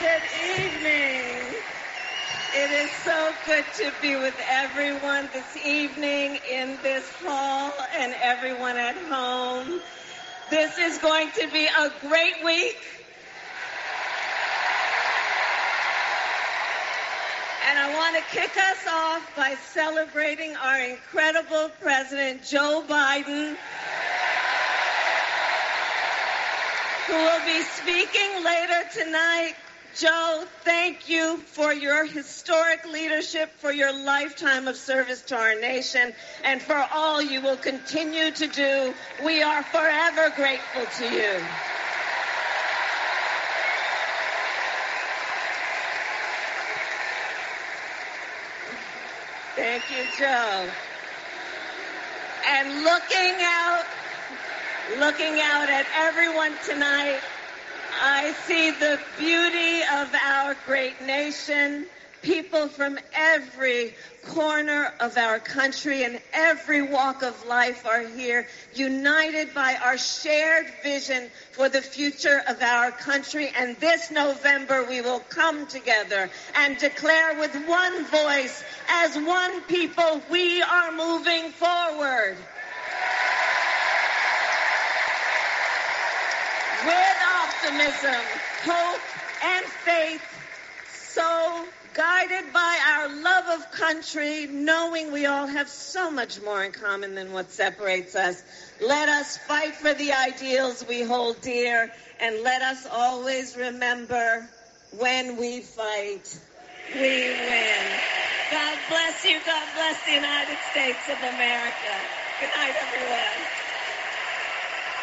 Good evening. It is so good to be with everyone this evening in this hall and everyone at home. This is going to be a great week. And I want to kick us off by celebrating our incredible President Joe Biden. who will be speaking later tonight. Joe, thank you for your historic leadership, for your lifetime of service to our nation, and for all you will continue to do. We are forever grateful to you. Thank you, Joe. And looking out, looking out at everyone tonight. I see the beauty of our great nation, people from every corner of our country and every walk of life are here, united by our shared vision for the future of our country. And this November, we will come together and declare with one voice, as one people, we are moving forward. optimism, hope, and faith. So guided by our love of country, knowing we all have so much more in common than what separates us, let us fight for the ideals we hold dear, and let us always remember when we fight, we win. God bless you. God bless the United States of America. Good night, everyone.